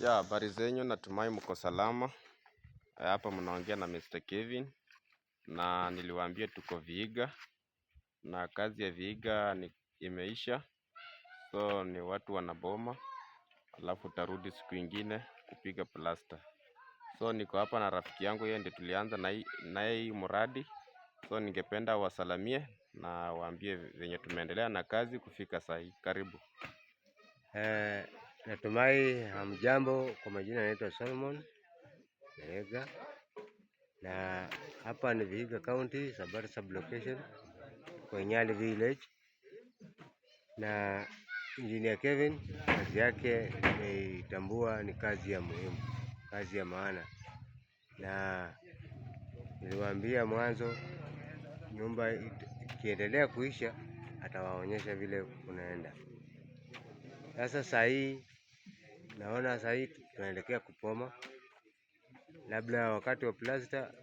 Ya habari zenyu, natumai mko salama. Eh, hapa mnaongea na Mr. Kevin, na niliwaambia tuko Vihiga na kazi ya Vihiga ni imeisha, so ni watu wanaboma, alafu tarudi siku ingine kupiga plasta. So niko hapa na rafiki yangu, yeye ndiye tulianza naye hii mradi, so ningependa wasalamie na waambie venye tumeendelea na kazi kufika saa hii. Karibu eh. Natumai hamjambo. Um, kwa majina anaitwa Solomon Naega na hapa ni Vihiga County Sabara sublocation kwa Nyali Village, na Engineer Kevin kazi yake nimeitambua ni kazi ya muhimu, kazi ya maana, na niliwaambia mwanzo nyumba ikiendelea kuisha atawaonyesha vile unaenda sasa. Saa hii Naona sasa hii tunaelekea kupoma, labda wakati wa plasta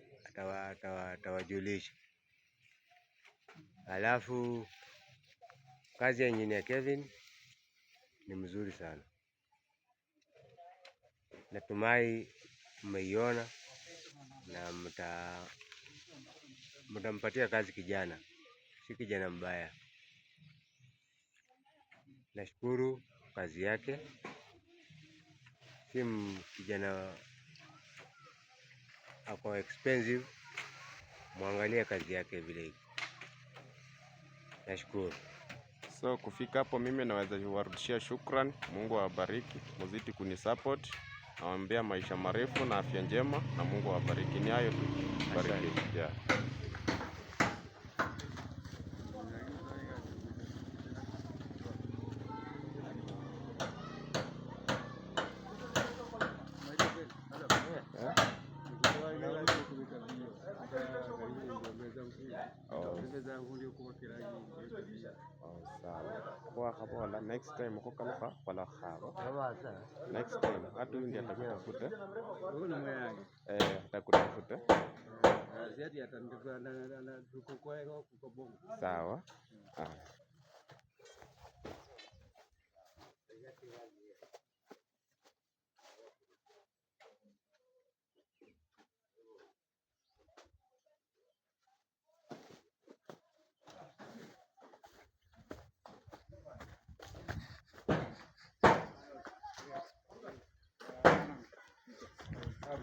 atawajulisha. Alafu kazi ya engineer Kevin ni mzuri sana, natumai mmeiona na mta mtampatia kazi kijana, si kijana mbaya. Nashukuru kazi yake simu kijana ako expensive, mwangalia kazi yake vile iko. Nashukuru. So kufika hapo, mimi naweza kuwarudishia shukrani. Mungu awabariki, muziti kunisupport. Nawaambia maisha marefu na afya njema, na Mungu awabariki. Ni hayo tu, bariki. Oh, sawa kwakha bola next time khukalukha khwalakhaba next time ate undi atakutafute eh, atakutafute ah, sawa ah.